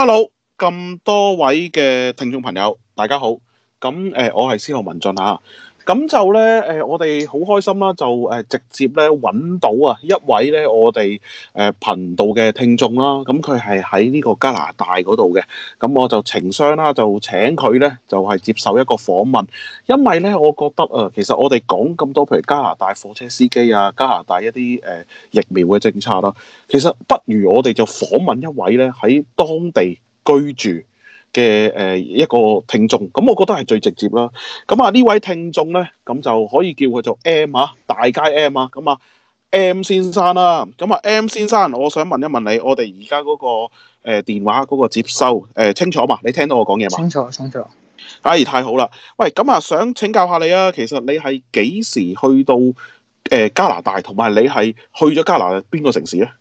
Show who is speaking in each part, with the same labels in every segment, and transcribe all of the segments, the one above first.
Speaker 1: hello，咁多位嘅聽眾朋友，大家好。咁誒，我係司徒文進吓。咁就咧，我哋好開心啦，就直接咧揾到啊一位咧我哋誒頻道嘅聽眾啦，咁佢係喺呢個加拿大嗰度嘅，咁我就情商啦，就請佢咧就係接受一個訪問，因為咧我覺得啊，其實我哋講咁多，譬如加拿大貨車司機啊，加拿大一啲疫苗嘅政策啦，其實不如我哋就訪問一位咧喺當地居住嘅誒一個聽眾，咁我覺得係最直接啦。咁啊呢位聽眾咧，咁就可以叫佢做 M 啊，大街 M 啊，咁啊 M 先生啦。咁啊 M 先生，我想問一問你，我哋而家嗰個誒電話嗰個接收誒清楚嘛？你聽到我講嘢嘛？清楚，清楚。哎，太好啦！喂，咁啊想請教下你啊，其實你係幾時去到誒加拿大，同埋你係去咗加拿大邊個城市啊？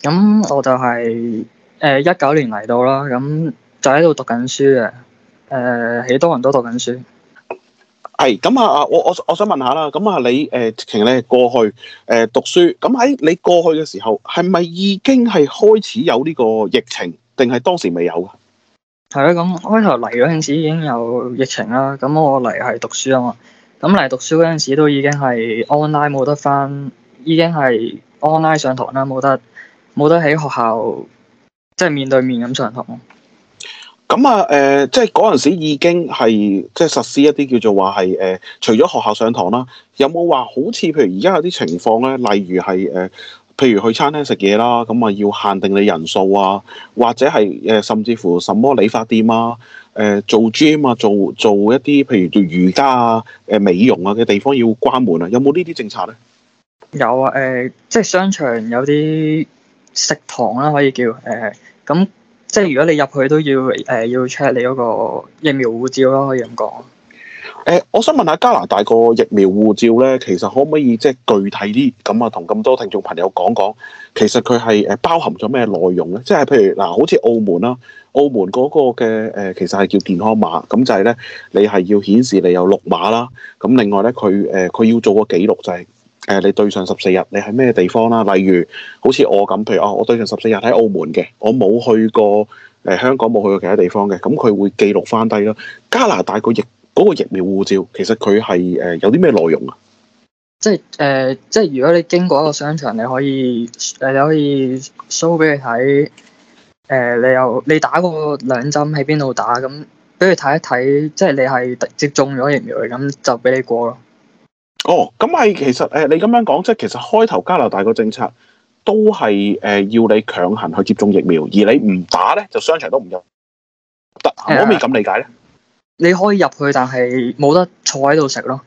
Speaker 2: 咁我就係誒一九年嚟到啦，咁。就喺度讀緊書嘅，誒、呃，起多人都讀緊書。
Speaker 1: 係咁啊，我我我想問下啦，咁啊，呃、你誒，其實過去誒、呃、讀書，咁喺你過去嘅時候，係咪已經係開始有呢個疫情，定係當時未有噶？
Speaker 2: 係啊，咁開頭嚟嗰陣時已經有疫情啦。咁我嚟係讀書啊嘛，咁嚟讀書嗰陣時都已經係 online 冇得返，已經係 online 上堂啦，冇得冇得喺學校即係、就是、面對面咁上堂。
Speaker 1: 咁啊，誒，即係嗰陣時已經係即係實施一啲叫做話係誒，除咗學校上堂啦，有冇話好似譬如而家有啲情況咧，例如係誒，譬如去餐廳食嘢啦，咁啊要限定你人數啊，或者係誒，甚至乎什麼理髮店啊，誒做 gym 啊，做做，做一啲譬如做瑜伽啊，誒美容啊嘅地方要關門啊，有冇呢啲政策咧？
Speaker 2: 有啊，誒、呃，即係商場有啲食堂啦、啊，可以叫誒，咁、呃。即係如果你入去都要誒、呃、要 check 你嗰個疫苗護照啦，可以咁講。誒、
Speaker 1: 呃，我想問下加拿大個疫苗護照咧，其實可唔可以即係具體啲咁啊？同咁多聽眾朋友講講，其實佢係誒包含咗咩內容咧？即係譬如嗱、呃，好似澳門啦，澳門嗰個嘅誒、呃，其實係叫健康碼，咁就係咧，你係要顯示你有綠碼啦。咁另外咧，佢誒佢要做個記錄就係、是。誒，你對上十四日，你喺咩地方啦？例如，好似我咁，譬如哦，我對上十四日喺澳門嘅，我冇去過誒、呃、香港，冇去過其他地方嘅，咁佢會記錄翻低啦。加拿大個疫嗰個疫苗護照，其實佢係誒有啲咩內容啊？
Speaker 2: 即係誒、呃，即係如果你經過一個商場，你可以誒，你可以 show 俾佢睇。誒、呃，你又你打過兩針喺邊度打？咁俾佢睇一睇，即係你係直接中咗疫苗嚟，咁就俾你過咯。哦，咁係其實誒，你咁樣講，即係其實
Speaker 1: 開頭加拿大個政策都係誒，要你強行去接種疫苗，而你唔打咧，就商場都唔入，得可唔可以咁理解咧？
Speaker 2: 你可以入去，但係冇得坐喺度食咯。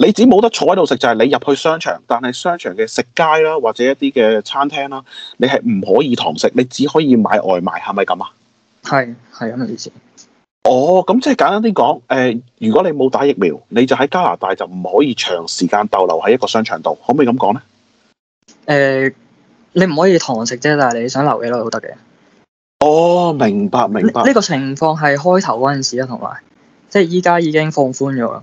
Speaker 1: 你只冇得坐喺度食，就係你入去商場，但係商場嘅食街啦，或者一啲嘅餐廳啦，你係唔可以堂食，你只可以買外賣，係咪咁啊？係係咁嘅意思。哦，咁即係簡單啲講，誒，如果你冇打疫苗，你就喺加拿大就唔可以長時間逗留喺一個商場度，可唔可以咁講咧？
Speaker 2: 誒，你唔可以堂食啫，但係你想留幾耐都得嘅。
Speaker 1: 哦，明白明白。呢個
Speaker 2: 情況係開頭嗰陣時啦，同埋即係依家已經放寬咗啦。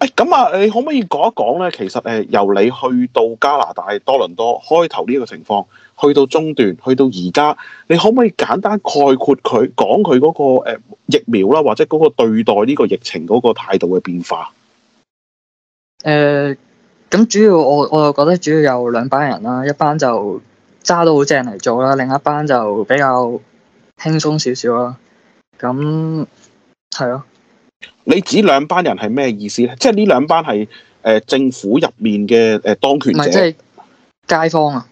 Speaker 1: 咁啊，你可唔可以講一講咧？其實誒，由你去到加拿大多倫多開頭呢個情況。去到中段，去到而家，你可唔可以簡單概括佢講佢嗰、嗰個、呃、疫苗啦，或者嗰個對待呢個疫情嗰個態度嘅變化？
Speaker 2: 誒、呃，咁主要我我就覺得主要有兩班人啦，一班就揸到好正嚟做啦，另一班就比較輕鬆少少啦。咁係
Speaker 1: 咯。你指兩班人係咩意思咧？即係呢兩班係誒、呃、政府入面嘅誒當權者，唔係
Speaker 2: 即係街坊啊？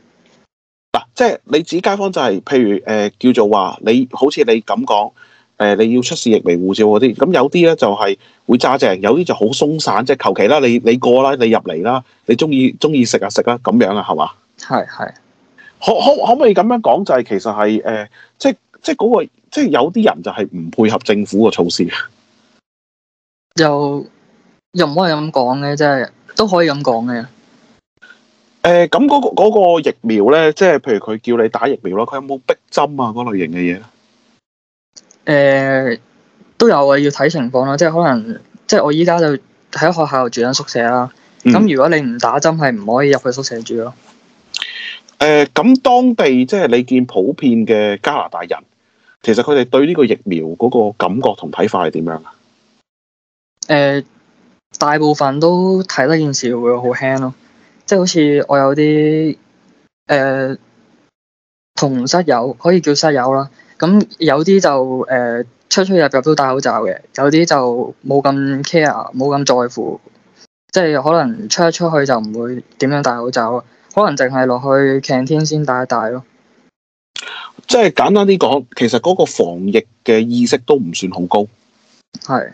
Speaker 1: 即係你指街坊就係、是，譬如誒、呃，叫做話，你好似你咁講，誒、呃，你要出示疫苗護照嗰啲，咁有啲咧就係、是、會揸正，有啲就好鬆散，即係求其啦，你你過啦，你入嚟啦，你中意中意食啊食啊，咁樣啊，係嘛？係係可可可唔可以咁樣講、就是？就係其實係誒、呃，即係即係、那、嗰個，即係有啲人就係唔配合政府嘅措施，
Speaker 2: 又又唔可以咁講嘅，即係都可以咁講嘅。
Speaker 1: 誒、欸，咁嗰、個嗰個疫苗咧，即係譬如佢叫你打疫苗啦，佢有冇逼針啊？嗰類型嘅嘢咧？
Speaker 2: 誒、欸，都有啊，要睇情況啦。即係可能，即係我依家就喺學校住緊宿舍啦。咁、嗯、如果你唔打針，係唔可以入去宿舍住咯。
Speaker 1: 誒、欸，咁當地即係你見普遍嘅加拿大人，其實佢哋對呢個疫苗嗰個感覺同睇法係點樣啊？
Speaker 2: 誒、欸，大部分都睇得件事會好輕咯。即係好似我有啲誒、呃、同室友，可以叫室友啦。咁有啲就誒、呃、出出入入都戴口罩嘅，有啲就冇咁 care，冇咁在乎。即係可能出一出去就唔會點樣戴口罩，可能淨係落去 canteen 先戴一戴咯。
Speaker 1: 即係簡單啲講，其實嗰個防疫嘅意識都唔算好高。
Speaker 2: 係。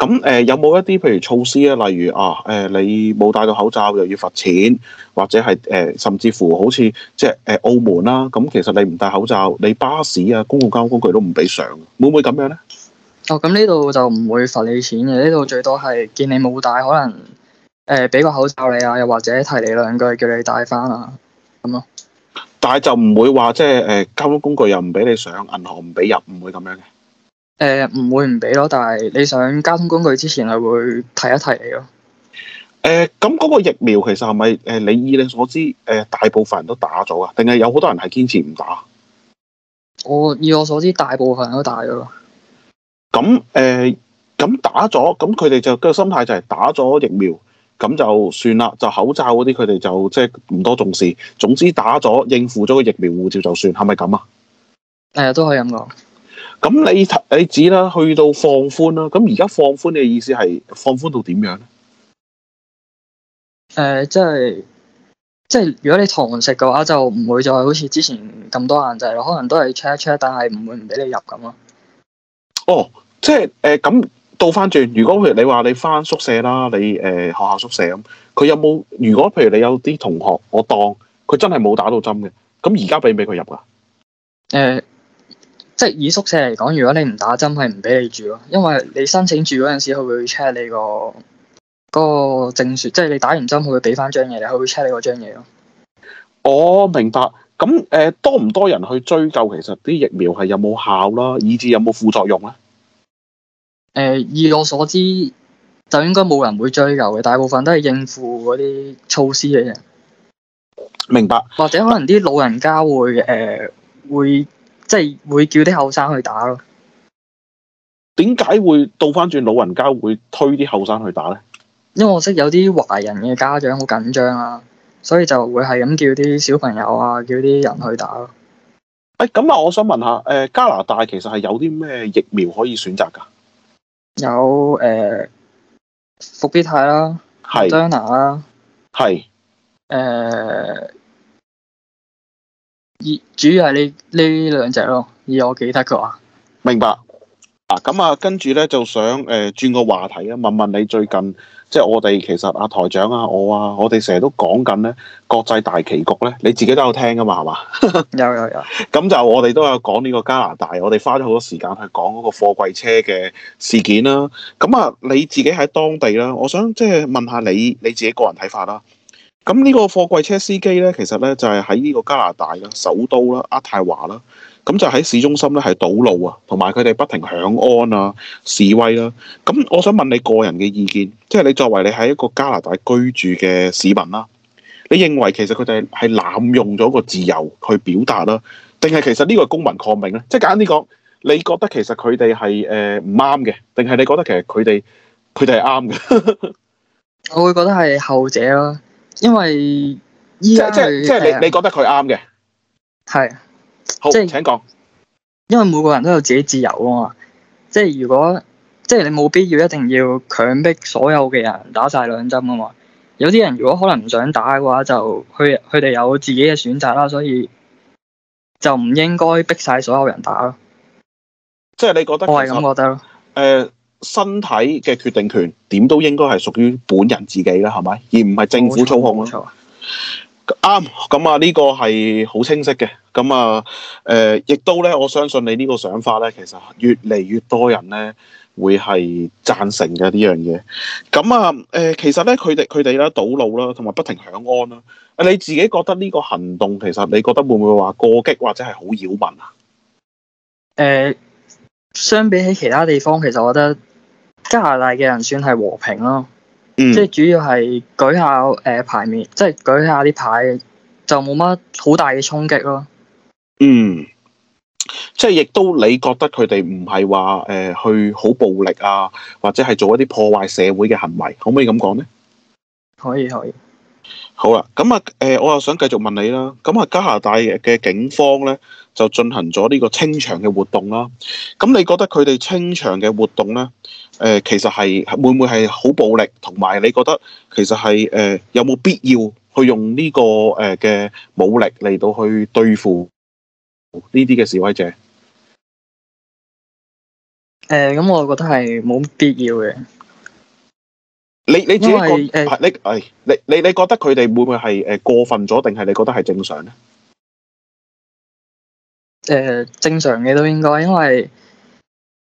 Speaker 1: 咁誒、呃、有冇一啲譬如措施啊？例如啊誒、呃，你冇戴到口罩又要罰錢，或者係誒、呃、甚至乎好似即係誒澳門啦、啊。咁、嗯、其實你唔戴口罩，你巴士啊公共交通工具都唔俾上，會唔會咁樣咧？
Speaker 2: 哦，咁呢度就唔會罰你錢嘅，呢度最多係見你冇戴，可能誒俾、呃、個口罩你啊，又或者提你兩句叫你戴翻啊咁咯。
Speaker 1: 但係就唔會話即係誒交通
Speaker 2: 工具又唔俾你上，銀行唔俾入，唔會咁樣嘅。誒、呃，唔會唔俾咯，但係你想交通工具之前係會提一提你咯。誒、呃，咁嗰個疫苗其實係
Speaker 1: 咪誒？你以你所知，誒、呃，大部分人都打咗啊？定係有好多人係堅持唔打？
Speaker 2: 我以我所知，大部分人都打咗咯。
Speaker 1: 咁誒，咁、呃、打咗，咁佢哋就個心態就係打咗疫苗，咁就算啦。就口罩嗰啲，佢哋就即係唔多重視。總之打咗，應付咗個疫苗護照就算，係咪咁啊？誒、呃，都可以咁講。咁你你指啦，去到放寬啦。咁而家放寬嘅意思係放寬到點樣咧？
Speaker 2: 誒、呃，即係即係，如果你堂食嘅話，就唔會再好似之前咁多限制咯。可能都係 check 一 check，但係唔會唔俾你入咁咯。
Speaker 1: 哦，即係誒，咁倒翻轉，如果譬如你話你翻宿舍啦，你誒、呃、學校宿舍咁，佢有冇？如果譬如你有啲同學，我當佢真係冇打到針嘅，咁而家俾唔俾佢入啊？誒、
Speaker 2: 呃。即係以宿舍嚟講，如果你唔打針係唔俾你住咯，因為你申請住嗰陣時，佢會 check 你、嗰個嗰個證書，即係你打完針佢會俾翻張嘢，你佢會 check 你嗰張嘢咯。我、oh，明白，咁誒、呃、多唔多人去追
Speaker 1: 究其實啲疫苗係有冇效啦，以至有冇副作用咧？
Speaker 2: 誒、呃，以我所知，就應該冇人會追究嘅，大部分都係應付嗰啲措施嘅人。明白。或者可能啲老人家會誒、呃、會。即係會叫啲後生去打咯，點解會倒翻
Speaker 1: 轉老人家會推啲後生去打咧？
Speaker 2: 因為我識有啲華人嘅家長好緊張啊，所以就會係咁叫啲小朋友啊，叫啲人去打咯。誒、呃，
Speaker 1: 咁啊，我想問下，誒，加拿大其實係有啲咩疫苗可以選擇噶？
Speaker 2: 有誒，復必泰啦，Dna 啦，係誒。主要係呢呢兩隻咯，以我記得佢啊。
Speaker 1: 明白啊，咁啊，跟住咧，就想誒、呃、轉個話題啊，問問你最近即係我哋其實阿、啊、台長啊，我啊，我哋成日都講緊咧國際大棋局咧，你自己都有聽噶嘛，係嘛？ 有有有，咁就我哋都有講呢個加拿大，我哋花咗好多時間去講嗰個貨櫃車嘅事件啦。咁啊，你自己喺當地啦，我想即係問下你你自己個人睇法啦。咁呢個貨櫃車司機咧，其實咧就係喺呢個加拿大啦，首都啦，渥太華啦，咁就喺市中心咧係堵路啊，同埋佢哋不停響安啊示威啦。咁我想問你個人嘅意見，即係你作為你喺一個加拿大居住嘅市民啦，你認為其實佢哋係濫用咗個自由去表達啦，定係其實呢個是公民抗命咧？即係簡單啲講，你覺得其實佢哋係誒唔啱嘅，定係你覺得其實佢哋佢哋係啱嘅？
Speaker 2: 我會覺得係後者咯。因為依家即係即係你你
Speaker 1: 覺得佢啱嘅
Speaker 2: 係好，即係請講。因為每個人都有自己自由啊嘛，即係如果即係你冇必要一定要強迫所有嘅人打晒兩針啊嘛。有啲人如果可能唔想打嘅話就，就佢佢哋有自己嘅選擇啦，所以就唔應該逼晒所有人打咯。即係你覺得我係咁覺得咯，誒、呃。身
Speaker 1: 體嘅決定權點都應該係屬於本人自己嘅，係咪？而唔係政府操控。啱，咁啊，呢個係好清晰嘅。咁啊，誒、呃，亦都咧，我相信你呢個想法咧，其實越嚟越多人咧會係贊成嘅呢樣嘢。咁啊，誒、呃，其實咧，佢哋佢哋啦堵路啦，同埋不停響安啦。你自己覺得呢個行動，其實你覺得會唔會話過激或者係好擾民
Speaker 2: 啊？誒、呃，相比起其他地方，其實我覺得。加拿大嘅人算係和平咯，嗯，即係主要係舉下誒、呃、牌面，即係舉下啲牌，就冇乜好大嘅衝擊咯。嗯，
Speaker 1: 即係亦都你覺得佢哋唔係話誒去好暴力啊，或者係做一啲破壞社會嘅行為，可唔可以咁講呢？
Speaker 2: 可以，可以。
Speaker 1: 好啦，咁啊誒，我又想繼續問你啦。咁啊，加拿大嘅警方咧就進行咗呢個清場嘅活動啦。咁你覺得佢哋清場嘅活動咧？誒其實係會唔會係好暴力，同埋你覺得其實係誒、呃、有冇必要去用呢、這個誒嘅、呃、武力嚟到去對付呢啲嘅示威者？
Speaker 2: 誒、呃、咁、嗯，我覺得係冇
Speaker 1: 必要嘅。你你自己覺、呃、你誒、哎、你你你覺得佢哋會唔會係誒過分咗，定係你覺得係正常咧？誒、
Speaker 2: 呃、正常嘅都應該，因為。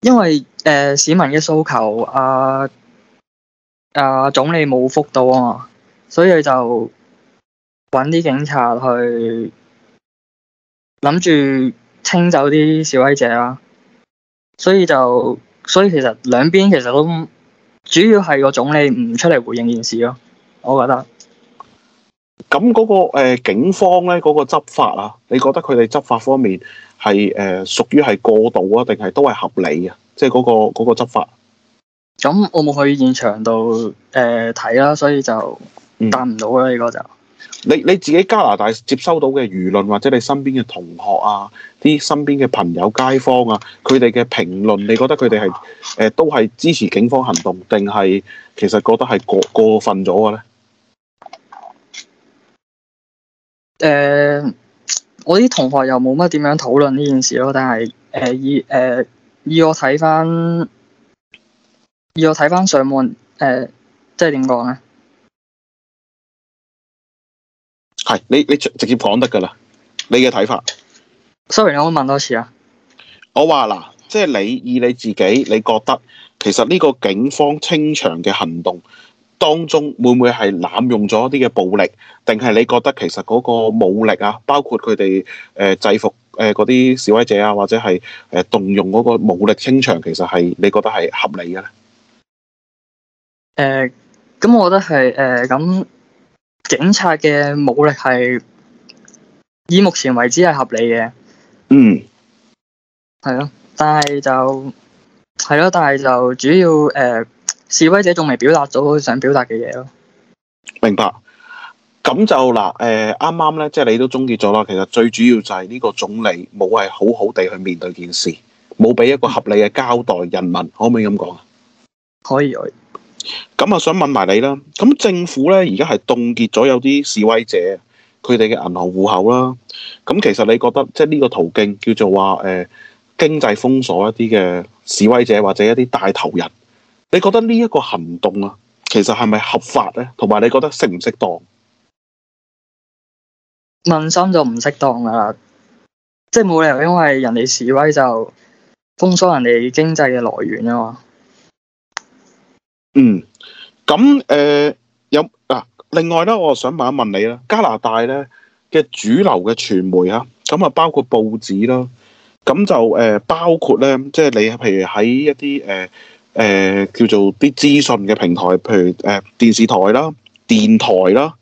Speaker 2: 因為誒、呃、市民嘅訴求，啊啊總理冇復到啊嘛，所以就揾啲警察去諗住清走啲示威者啦，所以就所以其實兩邊其實都主要係個總理唔出嚟回應件事咯，我覺得。
Speaker 1: 咁嗰、那個誒、呃、警方咧，嗰、那個執法啊，你覺得佢哋執法方面係誒屬於係過度啊，定係都係合理啊？即係嗰、那個嗰、那個執法。
Speaker 2: 咁我冇去現場度誒睇啦，所以就答唔到啦。呢個就
Speaker 1: 你你自己加拿大接收到嘅輿論，或者你身邊嘅同學啊，啲身邊嘅朋友、街坊啊，佢哋嘅評論，你覺得佢哋係誒都係支持警方行動，定係其實覺得係過過分咗嘅咧？
Speaker 2: 誒，我啲同學又冇乜點樣討論呢件事咯，但係誒，uh, 以誒，uh, 以我睇翻以我睇翻上門誒，uh, 即係點講啊？
Speaker 1: 係你你直接講得㗎喇，你嘅睇法。
Speaker 2: Sorry，我問多次啊？
Speaker 1: 我話嗱，即係你以你自己，你覺得其實呢個警方清場嘅行動？當中會唔會係濫用咗一啲嘅暴力？定係你覺得其實嗰個武力啊，包括佢哋誒制服誒嗰啲示威者啊，或者係誒、呃、動用嗰個武力清場，其實係你覺得係合理嘅咧？誒、
Speaker 2: 呃，咁我覺得係誒，咁、呃、警察嘅武力係以目前為止係合理嘅。嗯，係咯，但係就係咯，但係就主要誒。呃示威者仲未表達咗佢想表達嘅嘢咯，
Speaker 1: 明白。咁就嗱，誒、呃，啱啱咧，即係你都終結咗啦。其實最主要就係呢個總理冇係好好地去面對件事，冇俾一個合理嘅交代，人民、嗯、可唔可以咁講啊？可以，可以。咁啊，我想問埋你啦。咁政府咧，而家係凍結咗有啲示威者佢哋嘅銀行戶口啦。咁其實你覺得，即係呢個途徑叫做話，誒、呃，經濟封鎖一啲嘅示威者或者一啲帶頭人。你
Speaker 2: 覺得呢一個行動啊，其實係咪合法咧？同埋你覺得適唔適當？問心就唔適當噶啦，即係冇理由，因為人哋示威就封鎖人哋經濟嘅來源啊嘛。嗯，
Speaker 1: 咁誒、呃、有嗱，另外咧，我想問一問你啦，加拿大咧嘅主流嘅傳媒啊，咁啊包括報紙啦，咁就誒包括咧，即係你譬如喺一啲誒。呃誒、呃，叫做啲資訊嘅平台，譬如誒、呃、電視台啦、電台啦，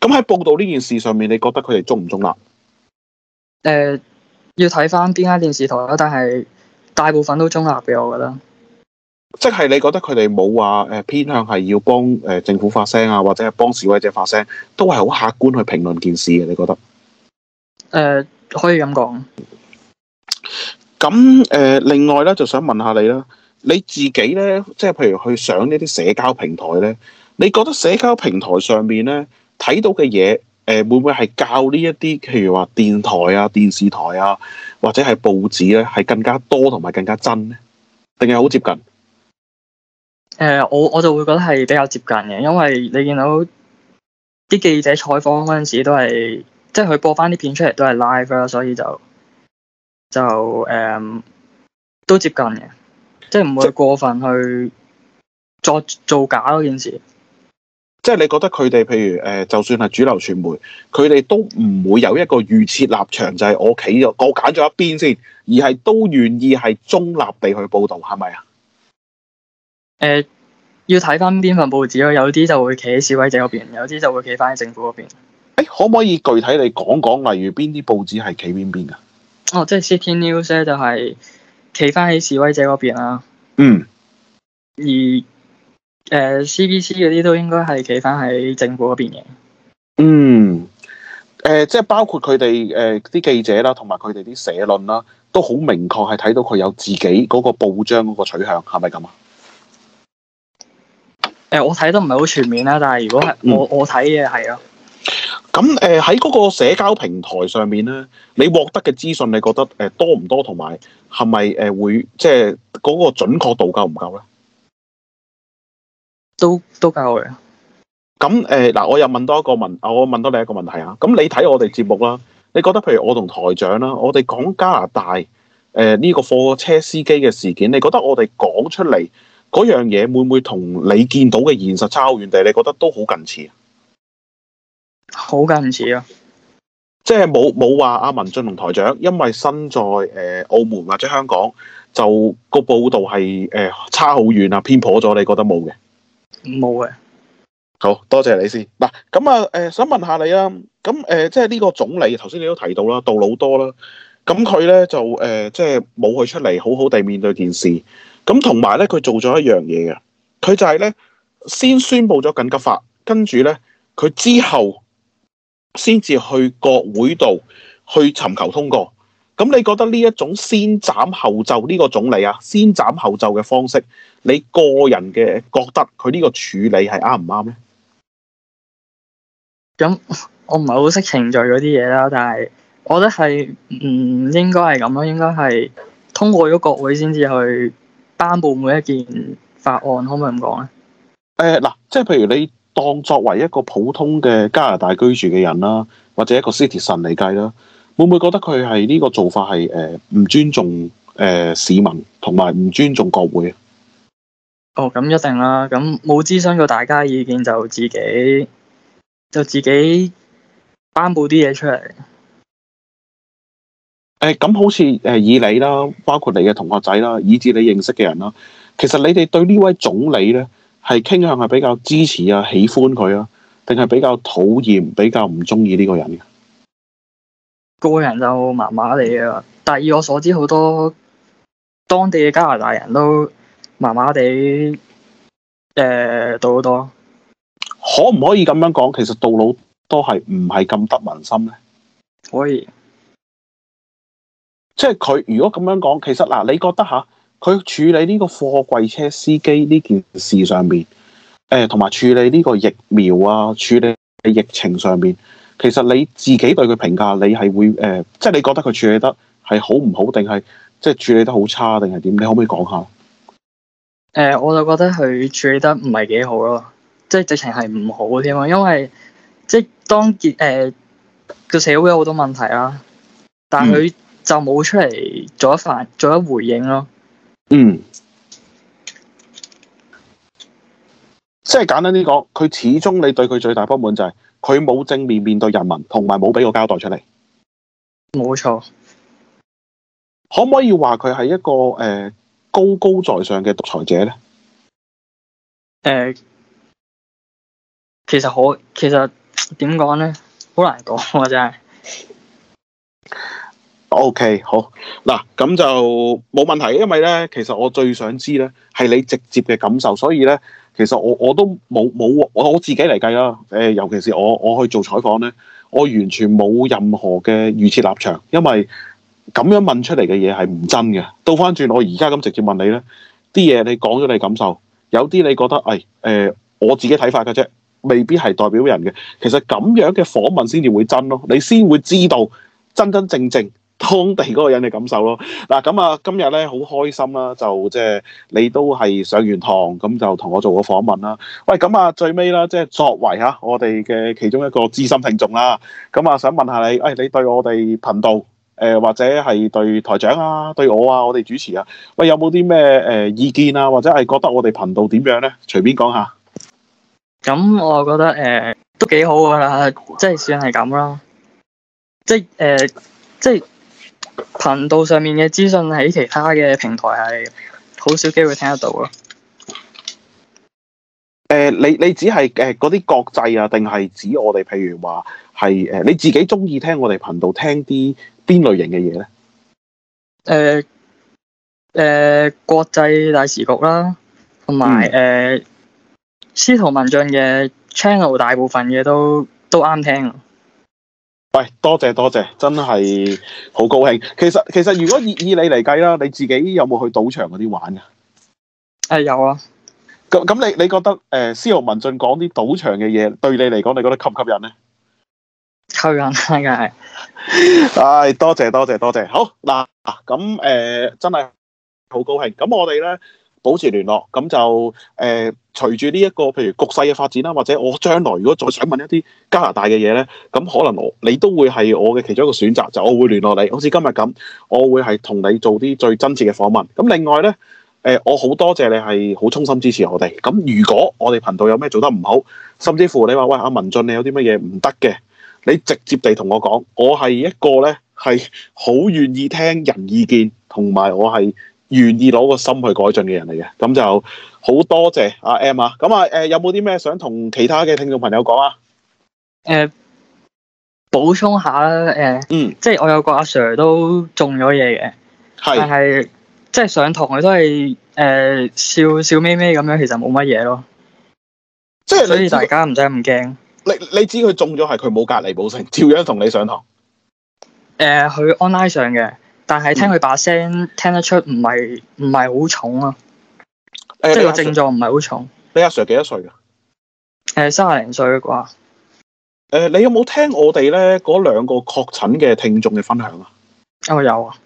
Speaker 1: 咁喺報道呢件事上面，你覺得佢哋中唔中立？誒、
Speaker 2: 呃，要睇返邊間電視台啦，但係大部分都中立，俾我㗎啦。即、就、
Speaker 1: 係、是、你覺得佢哋冇話誒偏向係要幫誒、呃、政府發聲啊，或者係幫示威者發聲，都係好客觀去評論件事嘅？你覺得？誒、呃，可以咁講。咁誒、呃，另外咧，就想問下你啦。你自己咧，即係譬如去上呢啲社交平台咧，你覺得社交平台上面咧睇到嘅嘢，誒、呃、會唔會係教呢一啲，譬如話電台啊、電視台啊，或者係報紙咧，係更加多同埋更加真咧，定係好接近？
Speaker 2: 誒、呃，我我就會覺得係比較接近嘅，因為你見到啲記者採訪嗰陣時都係，即係佢播翻啲片出嚟都係 live 啦，所以就就誒、呃、都接近嘅。即係唔會過分去作造假嗰件事，
Speaker 1: 即係你覺得佢哋譬如誒、呃，就算係主流傳媒，佢哋都唔會有一個預設立場，就係、是，我企咗我揀咗一邊先，而係都願意係中立地去報道，係咪啊？
Speaker 2: 誒、呃，要睇翻邊份報紙咯，有啲就會企喺示威者嗰邊，有啲就會企翻喺政府嗰邊。誒、欸，可唔可以具體你講講，例如邊啲報紙係企邊邊㗎？哦，即係 City News 咧，就係、是。企翻喺示威者嗰邊啦，嗯，而誒 CBC 嗰啲都應該係企翻喺政府嗰邊嘅，嗯，
Speaker 1: 誒、呃、即係包括佢哋誒啲記者啦，同埋佢哋啲社論啦，都好明確係睇到佢有自己嗰個報章嗰個取向，係咪咁啊？
Speaker 2: 誒、呃，我睇得唔係好全面啦，但係如果係、嗯、我我睇嘅係咯。
Speaker 1: 咁喺嗰個社交平台上面咧，你獲得嘅資訊，你覺得、呃、多唔多，同埋係咪誒會即係嗰個準確度夠唔夠咧？都都夠嘅。咁嗱、呃，我又問多一個問，我問多你一個問題啊。咁你睇我哋節目啦，你覺得譬如我同台長啦，我哋講加拿大呢、呃呢個貨車司機嘅事件，你覺得我哋講出嚟嗰樣嘢會唔會同你見到嘅現實差好遠，定係你覺得都好近似？好近似啊是沒！即係冇冇話阿文進同台長，因為身在誒、呃、澳門或者香港，就個報道係誒差好遠啊，偏頗咗，你覺得冇嘅？冇嘅，好多謝你先嗱。咁啊誒，想問下你啊，咁誒、呃，即係呢個總理頭先你都提到啦，杜魯多啦，咁佢咧就誒、呃，即係冇去出嚟好好地面對件事。咁同埋咧，佢做咗一樣嘢嘅，佢就係咧先宣布咗緊急法，跟住咧佢之後。先至去國會度去尋求通過，咁你覺得呢一種先斬後奏呢個總理啊，先斬後奏嘅方式，你個人嘅覺得佢呢個處理係啱唔啱咧？
Speaker 2: 咁、嗯、我唔係好識程序嗰啲嘢啦，但係我覺得係唔應該係咁咯，應該係通過咗國會先至去頒布每一件法案，可唔可以咁講咧？
Speaker 1: 誒，嗱，即係譬如你。當作為一個普通嘅加拿大居住嘅人啦，或者一個 citizen 嚟計啦，會唔會覺得佢係呢個做法係誒唔尊重誒、呃、市民同埋唔尊重國會
Speaker 2: 啊？哦，咁一定啦。咁冇諮詢過大家意見就自己就自己頒布啲嘢出嚟。誒、欸，咁好似誒
Speaker 1: 以你啦，包括你嘅同學仔啦，以至你認識嘅人啦，其實你哋對呢位總理咧？係傾向係比較支持啊，喜歡佢啊，定係比較討厭，比較唔中意呢個人嘅？
Speaker 2: 個人就麻麻地啊，但係以我所知，好多當地嘅加拿大人都麻麻地誒杜魯多。
Speaker 1: 可唔可以咁樣講？其實杜魯多係唔係咁得民心咧？可以。即係佢如果咁樣講，其實嗱，啊，你覺得嚇？啊佢處理呢個貨櫃車司機呢件事上面，誒同埋處理呢個疫苗啊，處理嘅疫情上面，其實你自己對佢評價，你係會誒，即、呃、係、就是、你覺得佢處理得係好唔好，定係即係處理得好差定係點？你可唔可以講下？
Speaker 2: 誒、呃，我就覺得佢處理得唔係幾好咯，即、就、係、是、直情係唔好添啊。因為即係、就是、當結誒個社會有好多問題啦，但係佢就冇出嚟做一反做一回應咯。嗯
Speaker 1: 嗯，即係簡單啲講，佢始終你對佢最大不滿就係佢冇正面面對人民，同埋冇俾個交代出嚟。
Speaker 2: 冇錯，
Speaker 1: 可唔可以話佢係一個誒、呃、高高在上嘅獨裁者咧？
Speaker 2: 誒、呃，其實好，其實點講咧，好難講，我真係。O、okay, K，好嗱，
Speaker 1: 咁就冇問題，因為咧，其實我最想知咧，係你直接嘅感受，所以咧，其實我我都冇冇我我自己嚟計啦，誒，尤其是我我去做採訪咧，我完全冇任何嘅預設立場，因為咁樣問出嚟嘅嘢係唔真嘅。倒翻轉，我而家咁直接問你咧，啲嘢你講咗你感受，有啲你覺得，誒、哎呃、我自己睇法嘅啫，未必係代表人嘅。其實咁樣嘅訪問先至會真咯，你先會知道真真正正。當地嗰個人嘅感受咯。嗱咁啊，今日咧好開心啦，就即係你都係上完堂咁就同我做個訪問啦。喂，咁啊最尾啦，即係作為吓我哋嘅其中一個資深聽眾啦，咁啊想問下你，誒你對我哋頻道誒、呃、或者係對台長啊、對我啊、我哋主持啊，喂有冇啲咩誒意見啊，或者係覺得我哋頻道點樣咧？隨便講下。
Speaker 2: 咁、嗯、我覺得誒、呃、都幾好㗎啦，即係算係咁啦，即係誒、呃、即係。頻道上面嘅資訊喺其他嘅平台係好少機會聽得到咯。
Speaker 1: 誒、呃，你你只係誒嗰啲國際啊，定係指我哋？譬如話係誒你自己中意聽我哋頻道聽啲邊類型嘅嘢咧？
Speaker 2: 誒、呃、誒、呃，國際大棋局啦，啊，同埋誒司徒文進嘅 channel，大部分嘅都都啱聽，啊。
Speaker 1: 喂、哎，多謝多謝，真係好高興。其實其實，如果以以你嚟計啦，你自己有冇去賭場嗰啲玩噶？誒、嗯，有啊。咁咁，你你覺得誒，司徒文進講啲賭場嘅嘢，對你嚟講，你覺得吸唔、呃、
Speaker 2: 吸引咧？吸
Speaker 1: 引啊，係。唉，多謝多謝多謝。好嗱，咁誒、呃，真係好高興。咁我哋咧，保持聯絡，咁就誒隨住呢一個譬如局勢嘅發展啦，或者我將來如果再想問一啲加拿大嘅嘢呢，咁可能我你都會係我嘅其中一個選擇，就我會聯絡你，好似今日咁，我會係同你做啲最真摯嘅訪問。咁另外呢，呃、我好多謝你係好衷心支持我哋。咁如果我哋頻道有咩做得唔好，甚至乎你話喂阿、啊、文進，你有啲乜嘢唔得嘅，你直接地同我講，我係一個呢，係好願意聽人意見，同埋我係，願意攞個心去改進嘅人嚟嘅，咁就好多謝阿 M、呃、啊！咁、呃、啊，誒，有冇啲咩想同其他嘅聽眾朋友講啊？
Speaker 2: 誒，補充下啦，誒，嗯，即係我有個阿 Sir 都中咗嘢嘅，係，但係，即係上堂佢都係誒、呃、笑笑眯眯咁樣，其實冇乜嘢咯。即係所以大家唔使咁驚。你你知佢中咗係佢冇隔離，保成，照樣同你上堂。誒、呃，佢 online 上嘅。但係聽佢把聲聽得出唔係唔係好重啊，即係個症狀唔係好重。
Speaker 1: 你阿、啊、Sir 幾多歲噶？
Speaker 2: 誒、呃，三廿零歲啩。誒、呃，你有冇聽
Speaker 1: 我哋咧嗰兩個確診嘅聽眾嘅分享啊？我、哦、有啊。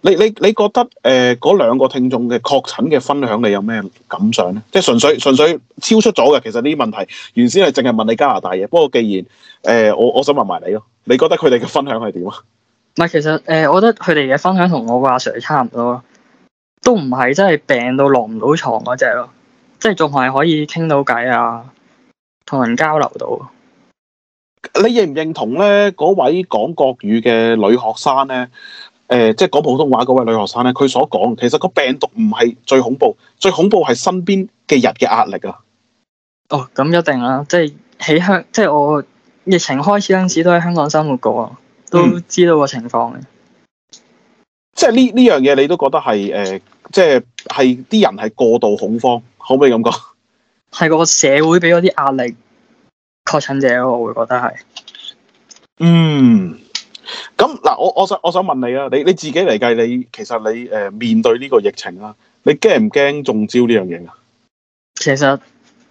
Speaker 1: 你你你覺得誒嗰兩個聽眾嘅確診嘅分享你有咩感想咧？即係純粹純粹超出咗嘅。其實呢啲問題原先係淨係問你加拿大嘅。不過既然誒、呃、我我想問埋你咯，你覺得佢哋嘅分享係點啊？
Speaker 2: 唔係，其實誒、呃，我覺得佢哋嘅分享同我個阿 Sir 差唔多咯，都唔係真係病到落唔到床嗰隻咯，即係仲係可以傾到偈啊，同人交流到。你認唔認
Speaker 1: 同咧？嗰位講國語嘅女學生咧，誒、呃，即係講普通話嗰位女學生咧，佢所講，其實個病毒唔係最恐怖，最恐怖係身邊嘅人嘅壓力
Speaker 2: 啊。哦，咁一定啦，啊，即係喺香，即係我疫情開始嗰陣時都喺香港生活過啊。都知道個情況嘅、嗯，即係呢呢
Speaker 1: 樣嘢，你都覺得係誒、呃，即係係啲人係過度恐慌，可唔可以咁講？
Speaker 2: 係個社會俾咗啲壓力，確診者，我會覺得係。嗯，咁嗱，我我想我想問你啊，你你自己嚟計，你其
Speaker 1: 實你誒、呃、面對呢個疫情啦，你驚唔驚中招呢樣嘢？啊，
Speaker 2: 其實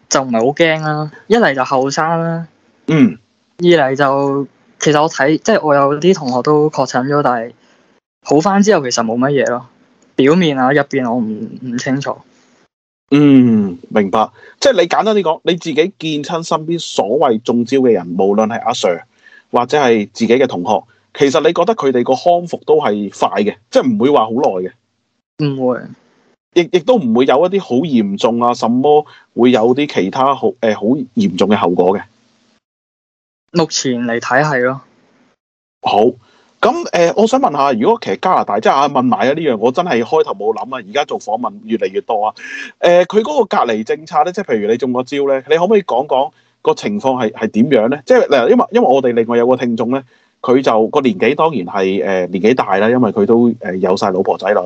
Speaker 2: 就唔係好驚啦，一嚟就後生啦，嗯，二嚟就。其實我睇，即係我有啲同學都確診咗，但係好翻之後其實冇乜嘢咯。表面啊，入邊我唔唔清楚。嗯，
Speaker 1: 明白。即係你簡單啲講，你自己見親身邊所謂中招嘅人，無論係阿 Sir 或者係自己嘅同學，其實你覺得佢哋個康復都係快嘅，即係唔會話好耐嘅。唔會，亦亦都唔會有一啲好嚴重啊？什麼會有啲其他好誒好嚴重嘅後果嘅？目前嚟睇係咯，好，咁誒、呃，我想問下，如果其實加拿大即係、啊、問埋啊呢樣、這個，我真係開頭冇諗啊，而家做訪問越嚟越多啊。誒、呃，佢嗰個隔離政策咧，即係譬如你中咗招咧，你可唔可以講講個情況係係點樣咧？即係嗱，因為因為我哋另外有個聽眾咧，佢就個年紀當然係誒、呃、年紀大啦，因為佢都誒有晒老婆仔女，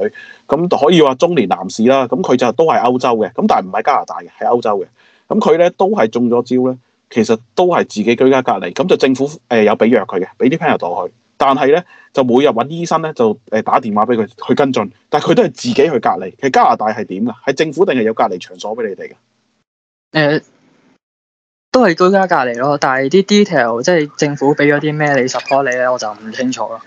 Speaker 1: 咁可以話中年男士啦。咁佢就都係歐洲嘅，咁但係唔係加拿大嘅，喺歐洲嘅。咁佢咧都係中咗招咧。其實都係自己居家隔離，咁就政府誒、呃、有俾藥佢嘅，俾啲 Panadol 去。但係咧就每日揾醫生咧就誒打電話俾佢去跟進，但係佢都係自己去隔離。其實加拿大係點㗎？係政府定係有隔離場所俾你哋㗎？誒、呃，
Speaker 2: 都係居家隔離咯。但係啲 detail 即係政府俾咗啲咩你 support 你咧，我就唔清楚咯。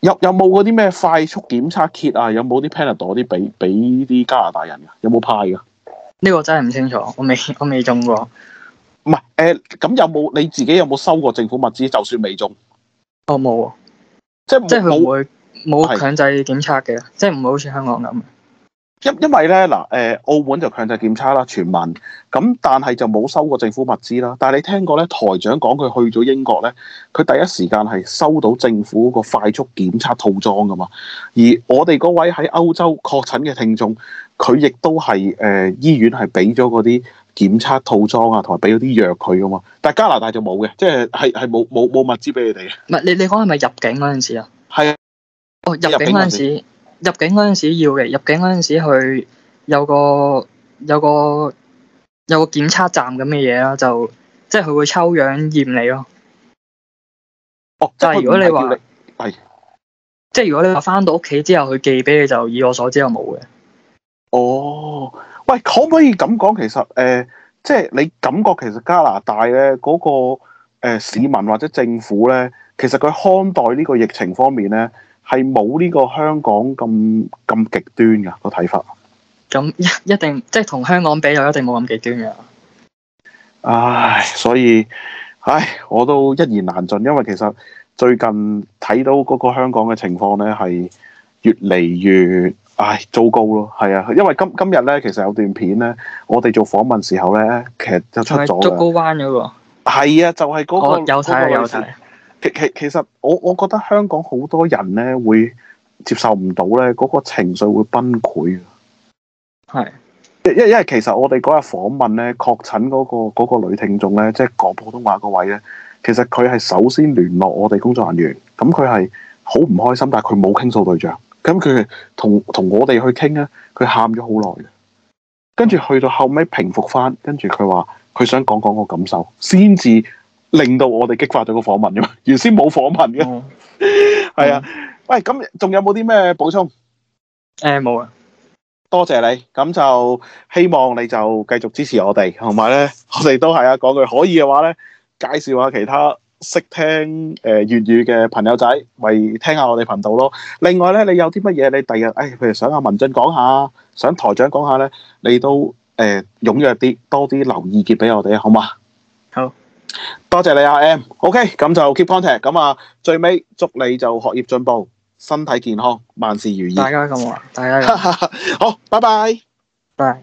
Speaker 2: 有有冇嗰啲咩快速檢測
Speaker 1: kit 啊？有冇啲 Panadol 啲俾俾啲加拿大人㗎？有冇派㗎？呢、這個真係唔清楚，我未我未中過。唔係，誒、呃，咁有冇你自己有冇收過政府物資？
Speaker 2: 就算未中，我、哦、冇，
Speaker 1: 即係即係佢會
Speaker 2: 冇強制檢測嘅，即係唔會好似香港咁。
Speaker 1: 因因為咧嗱，誒、呃、澳門就強制檢測啦，全民咁，但係就冇收過政府物資啦。但係你聽過咧，台長講佢去咗英國咧，佢第一時間係收到政府個快速檢測套裝噶嘛。而我哋嗰位喺歐洲確診嘅聽眾，佢亦都係誒醫院係俾咗嗰啲檢測套裝啊，同埋俾咗啲藥佢噶嘛。但係加拿大就冇嘅，即係係係冇冇冇物資俾你哋。
Speaker 2: 唔係你你講係咪入境嗰陣時啊？
Speaker 1: 係啊、哦，入境嗰陣時。
Speaker 2: 入境嗰陣時要嘅，入境嗰陣時佢有個有個有個檢測站咁嘅嘢啦，就即係佢會抽樣驗你咯。哦，就係如果你話係，即係如果你話返到屋企之後佢寄俾你就，以我所知就冇嘅。哦，喂，可唔可以咁講？其實
Speaker 1: 誒、即、呃、係、就是、你感覺其實加拿大咧嗰、那個誒、呃、市民或者政府咧，其實佢看待呢個疫情方面咧。係冇呢個香港咁咁極端噶個睇法。
Speaker 2: 咁、嗯、一定即係同香港比又一定冇咁極端嘅。
Speaker 1: 唉，所以唉，我都一言難盡，因為其實最近睇到嗰個香港嘅情況咧，係越嚟越唉糟糕咯。係啊，因為今今日咧，其實有段片咧，我哋做訪問時候咧，其實出了就出咗。係竹篙
Speaker 2: 灣嗰個係啊，係就係、係、嗰、嗰個。有睇、嗰個、有睇。
Speaker 1: 其其其實我，我我覺得香港好多人咧會接受唔到咧，嗰個情緒會崩潰啊！係，因為其實我哋嗰日訪問咧，確診嗰、嗰個嗰個女聽眾咧，即係講普通話嗰位咧，其實佢係首先聯絡我哋工作人員，咁佢係好唔開心，但係佢冇傾訴對象，咁佢同同我哋去傾咧，佢喊咗好耐嘅，跟住去，去到後尾平復返，跟住佢話佢想講講個感受，先至。令到我哋激發咗個訪問啫嘛，原先冇訪問嘅，係啊。喂，咁仲有冇啲咩補充？誒冇啊，多謝你。咁就希望你就繼續支持我哋，同埋咧，我哋都係啊。講句可以嘅話咧，介紹下其他識聽誒粵語嘅朋友仔，為聽下我哋頻道咯。另外咧，你有啲乜嘢，你第日誒，譬如想阿文進講下，想台長講下咧，你都誒踴躍啲，多啲留意見俾我哋啊，好嗎？
Speaker 2: 好。
Speaker 1: 多謝你啊，M，OK，咁就 keep contact，咁啊，最尾祝你就學業進步，身體健康，萬事如意。大
Speaker 2: 家
Speaker 3: 咁話，大家好，拜拜，拜。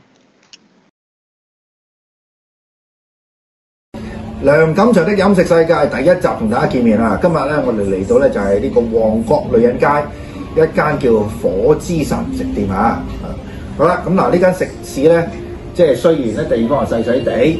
Speaker 3: 梁錦祥的飲食世界第一集同大家見面啦，今日咧我哋嚟到咧就係呢個旺角女人街一間叫火之神食店啊，好啦，咁嗱呢間食肆咧，即係雖然咧地方係細細地。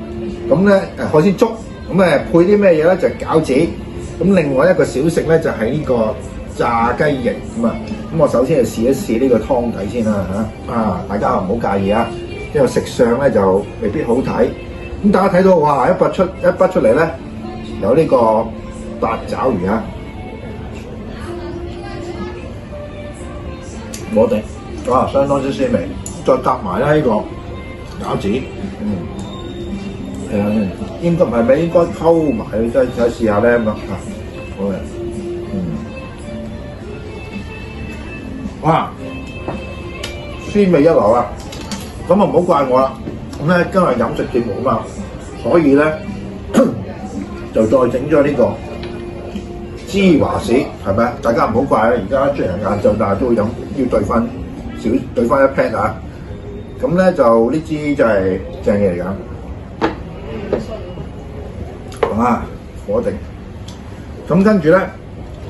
Speaker 3: 咁咧誒海鮮粥，咁誒配啲咩嘢咧？就係餃子。咁另外一個小食咧，就係呢個炸雞翼咁啊。咁我首先嚟試一試呢個湯底先啦嚇。啊，大家唔好介意啊，因為食相咧就未必好睇。咁大家睇到哇，一拔出一拔出嚟咧，有呢個八爪魚啊，我哋哇相當之鮮味，再搭埋咧呢個餃子，嗯。係、嗯、啊，應該唔係，應該溝埋，即試下呢。咁好啊，嗯，哇，酸味一流啊！咁就唔好怪我啦、啊。咁今日飲食節目嘛，所以呢，就再整咗呢個芝華士係咪？大家唔好怪、啊、現而家出嚟晏晝，但都要飲，要兌翻少，兌翻一 pack 啊！咁咧就呢支就係正嘢嚟㗎。啊，火定，咁跟住咧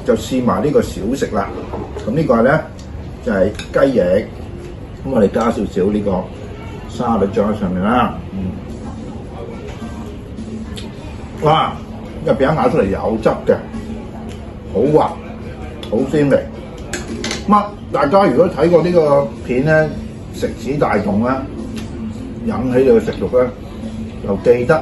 Speaker 3: 就試埋呢個小食啦。咁、這個、呢個係咧就係、是、雞翼，咁我哋加少少呢個沙律醬喺上面啦。嗯，哇、啊，入邊咬出嚟有汁嘅，好滑，好鮮味。咁、啊、大家如果睇過呢個片咧，食指大動啦，引起你嘅食欲咧，又記得。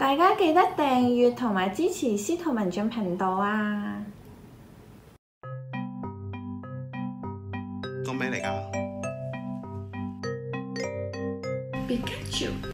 Speaker 2: 大家記得訂閱同埋支持司徒文進頻道啊！個咩嚟㗎？Pikachu